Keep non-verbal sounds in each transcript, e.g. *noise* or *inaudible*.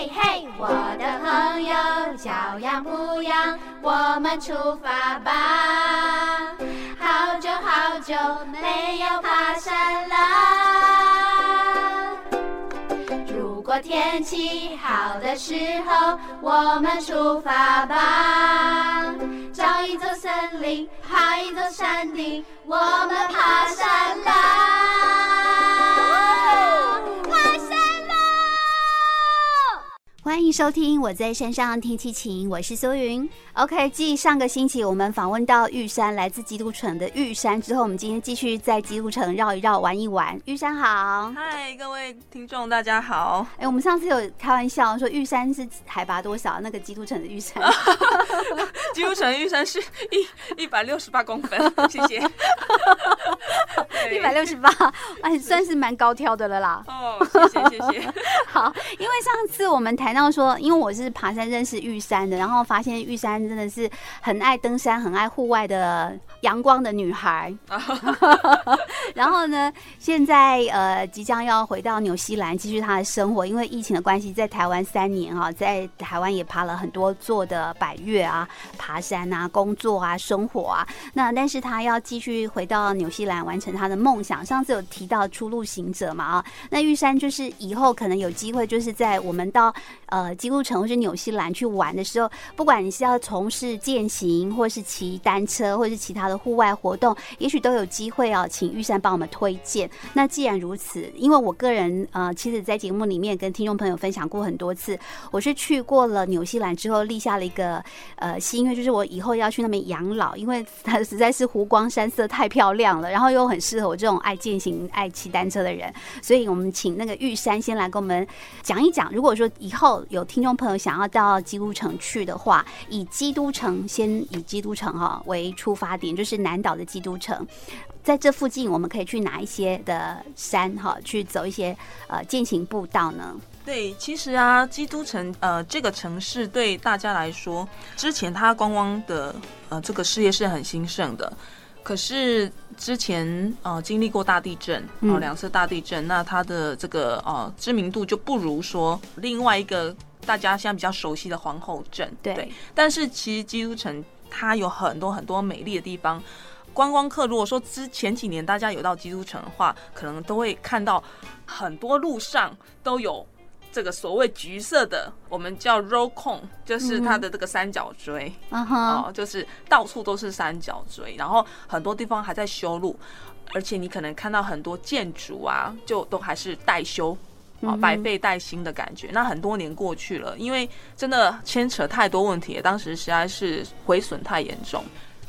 嘿嘿，我的朋友，腳癢不癢？我們出發吧。好久好久沒有爬山了。如果天氣好的時候，我們出發吧。找一座森林，爬一座山頂，我們爬山啦。歡迎收聽，我在山上天氣晴，我是蘇筠。OK，繼上個星期我們訪問到玉山，來自基督城的玉山之後，我們今天繼續在基督城繞一繞，玩一玩。玉山好，嗨，各位聽眾大家好。哎，我們上次有開玩笑說玉山是海拔多少？那個基督城的玉山， *laughs* 基督城的玉山是一一百六十八公分。謝謝。 *laughs* 一百六十八，哎，算是蠻高挑的了啦。哦，謝謝謝謝。好，因為上次我們談到說，因為我是爬山認識玉山的，然後發現玉山真的是很愛登山、很愛戶外的陽光的女孩。 *laughs* 然後呢，現在呃，即將要回到紐西蘭繼續她的生活，因為疫情的關係，在台灣三年啊，在台灣也爬了很多座的百岳啊，爬山啊，工作啊，生活啊。那但是她要繼續回到紐西蘭完成她的夢。想上次有提到《出路行者》嘛，哦？啊，那玉山就是以後可能有機會，就是在我們到呃基督城或是紐西蘭去玩的時候，不管你是要從事健行，或是騎單車，或是其他的戶外活動，也許都有機會哦，請玉山幫我們推薦。那既然如此，因為我個人呃，其實，在節目裡面跟聽眾朋友分享過很多次，我是去過了紐西蘭之後立下了一個呃心願，新因為就是我以後要去那邊養老，因為它實在是湖光山色太漂亮了，然後又很適合我，這種愛健行、愛騎單車的人，所以我們請那個玉山先來跟我們講一講。如果說以後有聽眾朋友想要到基督城去的話，以基督城先以基督城哈、哦、為出發點，就是南島的基督城，在這附近我們可以去哪一些的山哈，去走一些呃健行步道呢？對，其實啊，基督城呃這個城市對大家來說，之前它觀光的呃這個事業是很興盛的。可是之前呃經歷過大地震，啊、嗯，兩次大地震，那它的這個呃知名度就不如說另外一個大家現在比較熟悉的皇後鎮。對。但是其實基督城它有很多很多美麗的地方，觀光客如果說之前幾年大家有到基督城的話，可能都會看到很多路上都有。這個所謂橘色的，我們叫 road cone 就是它的這個三角錐，啊、嗯、哈、哦，就是到處都是三角錐，然後很多地方還在修路，而且你可能看到很多建築啊，就都還是待修，啊、哦，百廢待興的感覺、嗯。那很多年過去了，因為真的牽扯太多問題，當時實在是毀損太嚴重，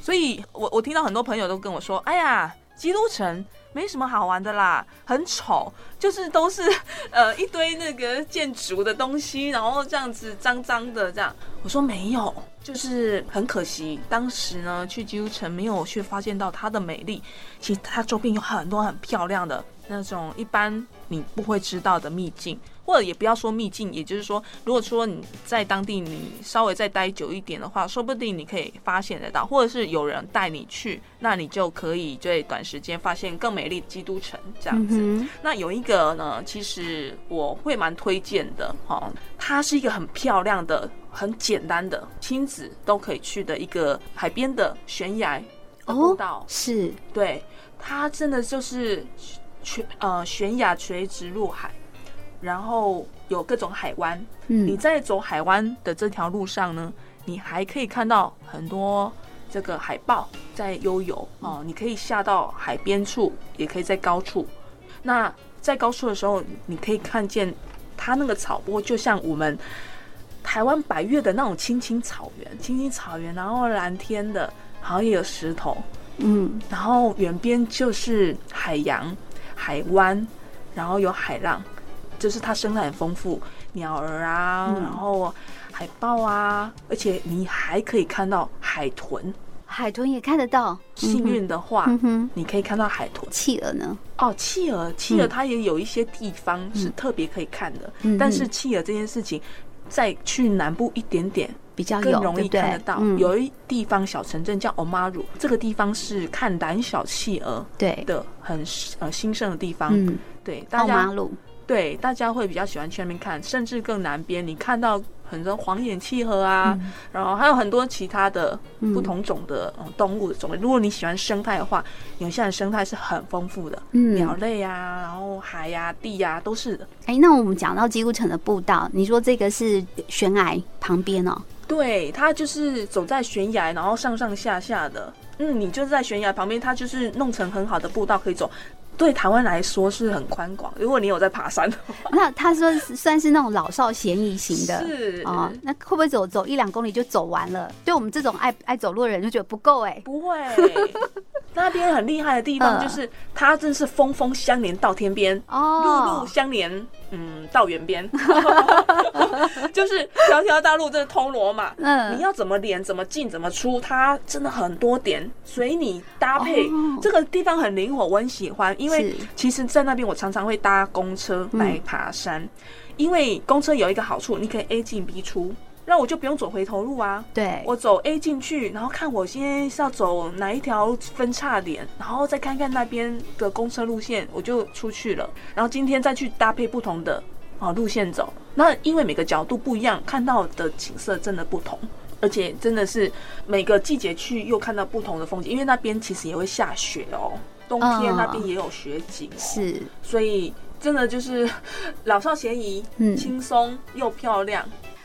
所以我我聽到很多朋友都跟我說，哎呀，基督城。沒什麼好玩的啦，很醜，就是都是呃一堆那個建築的東西，然後這樣子髒髒的這樣。我說沒有，就是很可惜，當時呢去基督城沒有去發現到它的美麗。其實它周邊有很多很漂亮的那種一般你不會知道的秘境。或者也不要說秘境，也就是說，如果說你在當地你稍微再待久一點的話，說不定你可以發現得到，或者是有人帶你去，那你就可以就短時間發現更美麗的基督城這樣子、嗯。那有一個呢，其實我會蠻推薦的哦，它是一個很漂亮的、很簡單的親子都可以去的一個海邊的懸崖的哦，步道，是，對，它真的就是全呃懸崖垂直入海。然後有各種海灣，你在走海灣的這條路上呢，你還可以看到很多這個海豹在悠游哦。你可以下到海邊處，也可以在高處。那在高處的時候，你可以看見它那個草坡，就像我們台灣百岳的那種青青草原，青青草原，然後藍天的，好像也有石頭，嗯，然後遠邊就是海洋、海灣，然後有海浪。就是它生態很豐富，鳥兒啊，然後海豹啊，而且你還可以看到海豚，海豚也看得到。幸運的話，嗯，你可以看到海豚。企鵝呢？哦，企鵝，企鵝它也有一些地方是特別可以看的，嗯、但是企鵝這件事情，再去南部一點點比較更容易看得到。對對對，有一地方小城鎮叫奧馬魯，這個地方是看膽小企鵝對的很呃興盛的地方。嗯、對，奧馬魯。對，大家會比較喜歡去那邊看，甚至更南邊，你看到很多黃眼企鵝啊、嗯，然後還有很多其他的不同種的嗯，嗯動物的種類。如果你喜歡生態的話，紐西蘭生態是很豐富的，嗯、鳥類啊，然後海呀、啊、地呀、啊、都是。哎，那我們講到基督城的步道，你說這個是懸崖旁邊哦？對，它就是走在懸崖，然後上上下下的。嗯，你就是在懸崖旁邊，它就是弄成很好的步道可以走。對台灣來說是很寬廣。如果你有在爬山的話，那他說算，算是那種老少咸宜型的。是啊、哦，那會不會走走一兩公里就走完了？對我們這種愛愛走路的人就覺得不夠哎、欸，不會。 *laughs* 那邊很厲害的地方就是，它真是峰峰相連到天邊，路、uh, 路相連，oh. 嗯，到遠邊， *laughs* *laughs* 就是條條大路真的通羅馬。嗯、uh.，你要怎麼連，怎麼進，怎麼出，它真的很多點，隨你搭配。Oh. 這個地方很靈活，我很喜歡，因為其實，在那邊我常常會搭公車來爬山，mm. 因為公車有一個好處，你可以 A 進 B 出。那我就不用走回頭路啊！對，我走 A 進去，然後看我先是要走哪一條分叉點，然後再看看那邊的公車路線，我就出去了。然後今天再去搭配不同的啊路線走。那因為每個角度不一樣，看到的景色真的不同，而且真的是每個季節去又看到不同的風景。因為那邊其實也會下雪哦、喔，冬天那邊也有雪景，是，所以真的就是老少咸宜，嗯，輕鬆又漂亮。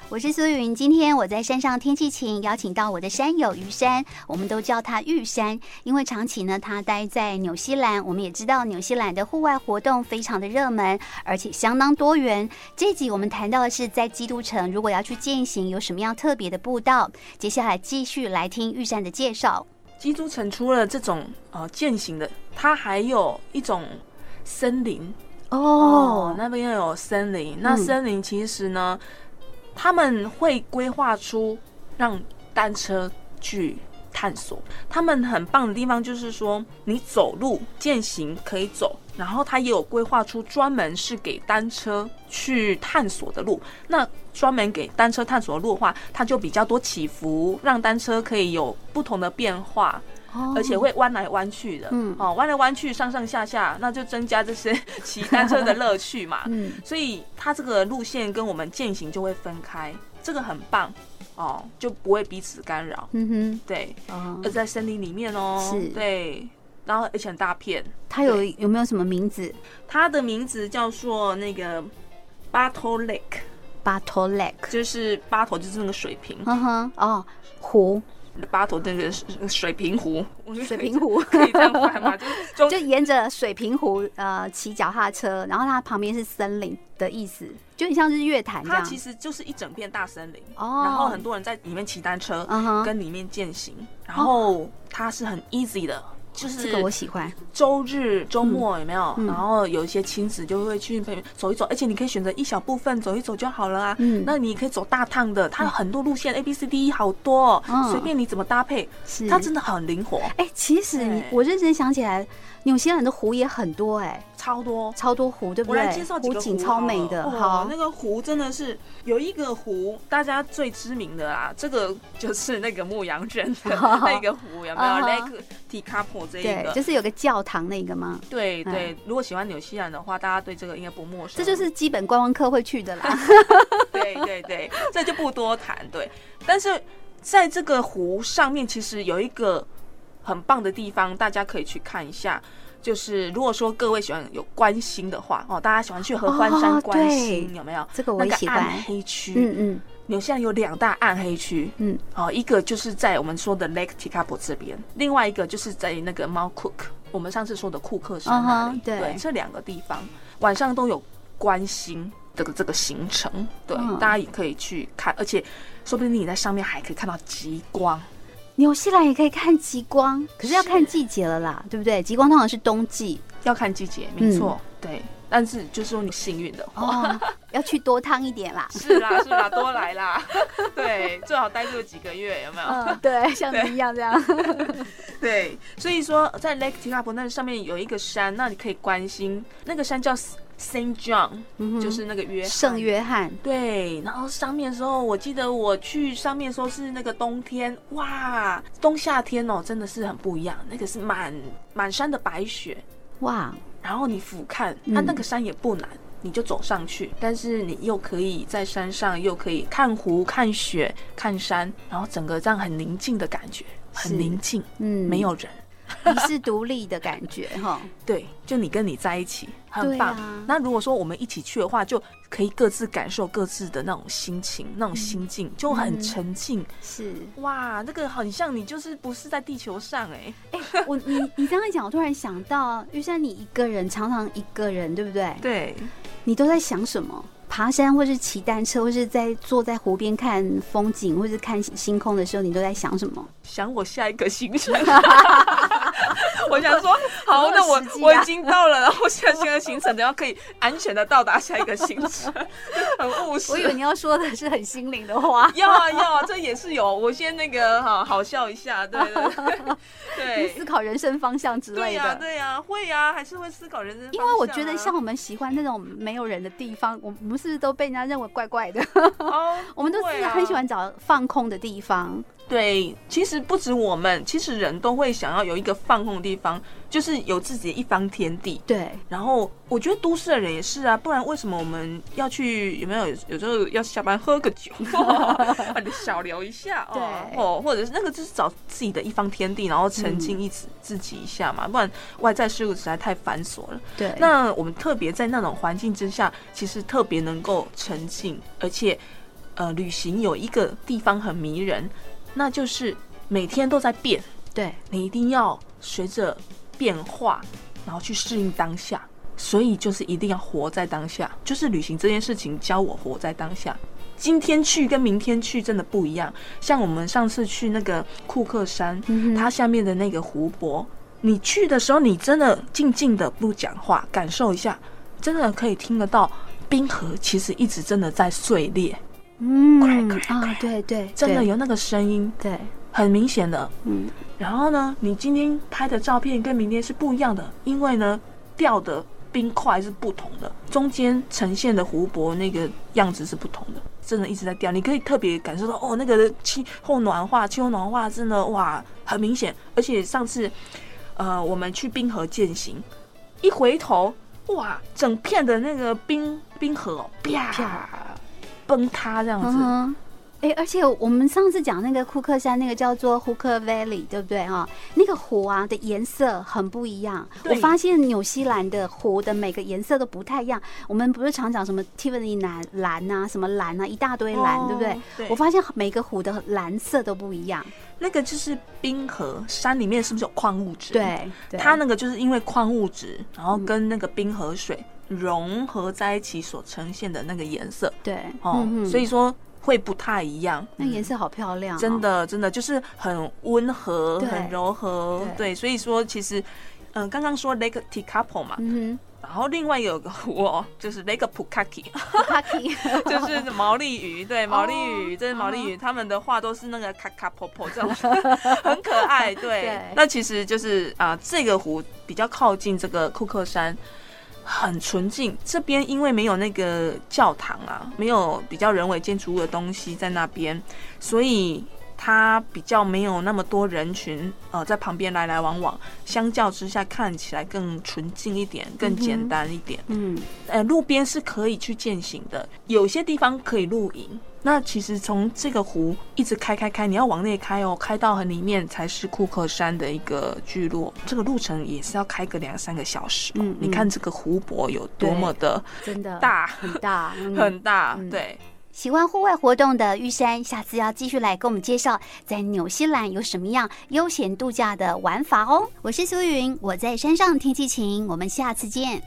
我是蘇筠，今天我在山上，天氣晴，邀請到我的山友玉山，我們都叫他玉山，因為長期呢，他待在紐西蘭，我們也知道紐西蘭的戶外活動非常的熱門，而且相當多元。這集我們談到的是在基督城如果要去健行有什麼樣特別的步道，接下來繼續來聽玉山的介紹。基督城除了這種呃健行的，他還有一種森林哦，哦，那邊又有森林，那森林其實呢。嗯他們會規劃出讓單車去探索。他們很棒的地方就是說，你走路健行可以走，然後他也有規劃出專門是給單車去探索的路。那專門給單車探索的路的話，它就比較多起伏，讓單車可以有不同的變化。而且會彎來彎去的，嗯，哦，彎來彎去，上上下下，那就增加這些騎 *laughs* 單車的樂趣嘛。嗯，所以它這個路線跟我們健行就會分開，這個很棒哦，就不會彼此干擾。嗯哼，對、嗯，而在森林裡面哦，對，然後而且很大片。它有有沒有什麼名字？它的名字叫做那個 Battle Lake，Battle Lake, battle Lake 就是 battle，就是那個水瓶，嗯哼，哦，湖。巴圖鎮的水平湖，水平湖 *laughs* 可以這樣講嗎？就 *laughs* 就沿着水平湖呃騎腳踏車，然後它旁邊是森林的意思，就很像日月潭這樣，它其實就是一整片大森林。哦、oh，然後很多人在裡面騎單車，uh -huh, 跟裡面健行，然後它是很 easy 的。Oh. 就是這個我喜歡。周日周末有沒有？然後有一些親子就會去走一走，而且你可以選擇一小部分走一走就好了啊。嗯，那你可以走大趟的，它有很多路線 A B C D E，好多哦，隨便你怎麼搭配，是。它真的很靈活。哎，其實你我認真想起來，紐西蘭的湖也很多哎，超多，超多湖，對不對？湖景超美的，好，那個湖真的是有一個湖，大家最知名的啊，這個就是那個牧羊人的那個湖，有沒有那個 Lake Tekapo 這個對，就是有個教堂那個嗎？對對、嗯，如果喜歡紐西蘭的話，大家對這個應該不陌生。這就是基本觀光客會去的啦。對 *laughs* 對對，這就不多談。對，但是在這個湖上面，其實有一個很棒的地方，大家可以去看一下。就是如果說各位喜歡有關心的話哦，大家喜歡去合歡山關心、哦、有沒有？這個我也喜歡。黑、那個、區，嗯嗯。紐西蘭有兩大暗黑區，嗯，哦，一個就是在我們說的 Lake Tekapo 這邊，另外一個就是在那個 Mount Cook，我們上次說的庫克山那裡，哦、對、對，這兩個地方晚上都有觀星的這個行程，對、哦，大家也可以去看，而且說不定你在上面還可以看到極光。紐西蘭也可以看極光，可是要看季節了啦，對不對？極光通常是冬季，要看季節，沒錯、嗯，對，但是就是說你幸運的話。哦 *laughs* 要去多趟一點啦， *laughs* 是啦，是啦，多來啦，對，最好待住幾個月，有沒有？嗯，對，像你一樣這樣， *laughs* 對、對、對、對。所以說，在 Lake Tekapo 那上面有一個山，那你可以關心，那個山叫 Saint John、嗯、就是那個約聖約翰。對，然後上面的時候，我記得我去上面說是那個冬天，哇，冬夏天哦、喔，真的是很不一樣，那個是滿滿山的白雪，哇，然後你俯瞰它，嗯啊、那個山也不難。你就走上去，但是你又可以在山上，又可以看湖、看雪、看山，然後整個這樣很寧靜的感覺，很寧靜，嗯，沒有人，嗯、 *laughs* 你是獨立的感覺哈。 *laughs* 對，就你跟你在一起，很棒、啊。那如果說我們一起去的話，就可以各自感受各自的那種心情、那種心境，嗯、就很沉浸。是、嗯、哇，那個很像你，就是不是在地球上哎、欸 *laughs* 欸、我你你這樣講，我突然想到，玉山，你一個人，常常一個人，對不對？對。你都在想什麼？爬山，或是騎單車，或是在坐在湖邊看風景，或是看星空的時候，你都在想什麼？想我下一個行程。 *laughs* 我想說，好，好好啊，那我我已經到了，然後現在現在行程等一下 *laughs* 可以安全的到達下一個行程， *laughs* *laughs* 很務實。我以為你要說的是很心靈的話，要啊要啊，這也是有我先那個好好，好笑一下，對對，對，對 *laughs* 思考人生方向之類的，對呀，啊啊，會呀，啊，還是會思考人生方向，啊，因為我覺得像我們喜歡那種沒有人的地方，我們是不是都被人家認為怪怪的，哦 *laughs* ，oh, 啊，我們都是很喜歡找放空的地方。對，其實不止我們，其實人都會想要有一個放空的地方。方就是有自己的一方天地，對。然後我覺得都市的人也是啊，不然為什麼我們要去？有沒有有時候要下班喝個酒，小 *laughs* *laughs* 聊一下哦，或者是那個就是找自己的一方天地，然後沉浸一自、嗯、自己一下嘛。不然外在事物實在太繁瑣了。對。那我們特別在那種環境之下，其實特別能夠沉浸，而且呃，旅行有一個地方很迷人，那就是每天都在變。對你一定要。隨着變化，然後去適應當下，所以就是一定要活在當下。就是旅行這件事情教我活在當下。今天去跟明天去真的不一樣。像我們上次去那個庫克山，它下面的那個湖泊，你去的時候，你真的靜靜的不講話，感受一下，真的可以聽得到冰河其實一直真的在碎裂。嗯，啊，對對，真的有那個聲音，對。很明顯的，嗯，然後呢，你今天拍的照片跟明天是不一樣的，因為呢，掉的冰塊是不同的，中間呈現的湖泊那個樣子是不同的，真的一直在掉，你可以特別感受到，哦，那個氣候暖化，氣候暖化真的哇，很明顯，而且上次，呃，我們去冰河健行，一回頭，哇，整片的那個冰冰河、哦、啪，啪崩塌這樣子。Uh -huh. 欸、而且我們上次講那個庫克山，那個叫做 Hooker Valley，對不對啊、哦？那個湖啊的顏色很不一樣。我發現紐西蘭的湖的每個顏色都不太一樣。我們不是常講什麼 Tiffany 藍藍啊，什麼藍啊，一大堆藍，哦、對不對，對？我發現每個湖的藍色都不一樣。那個就是冰河山裡面是不是有礦物質？對，它那個就是因為礦物質，然後跟那個冰河水融合在一起所呈現的那個顏色。對，哦，嗯、所以說。會不太一樣，那、嗯、顏色好漂亮，哦，真的真的就是很溫和，很柔和對，對，所以說其實，嗯，剛剛說 Lake Tekapo 嘛，嗯，然後另外有個湖哦，就是 Lake Pukaki，Pukaki Pukaki *laughs* *laughs* 就是毛利語，對，毛利語、oh, 這是毛利語、uh -huh. 他們的話都是那個卡卡婆婆這種， *laughs* *laughs* 很可愛，對， *laughs* 對，那其實就是啊、呃，這個湖比較靠近這個庫克山。很純淨，這邊因為沒有那個教堂啊，沒有比較人為建築物的東西在那邊，所以它比較沒有那麼多人群，呃，在旁邊來來往往，相較之下看起來更純淨一點，更簡單一點。嗯，嗯，呃，路邊是可以去健行的，有些地方可以露營。那其實從這個湖一直開開開，你要往內開哦、喔，開到很裡面才是庫克山的一個聚落。這個路程也是要開個兩三個小時。嗯，你看這個湖泊有多麼的、嗯嗯、真的大很大、嗯、很大。對，喜歡戶外活動的玉山，下次要繼續來跟我們介紹在紐西蘭有什麼樣悠閒度假的玩法哦、喔。我是蘇筠，我在山上，天氣晴，我們下次見。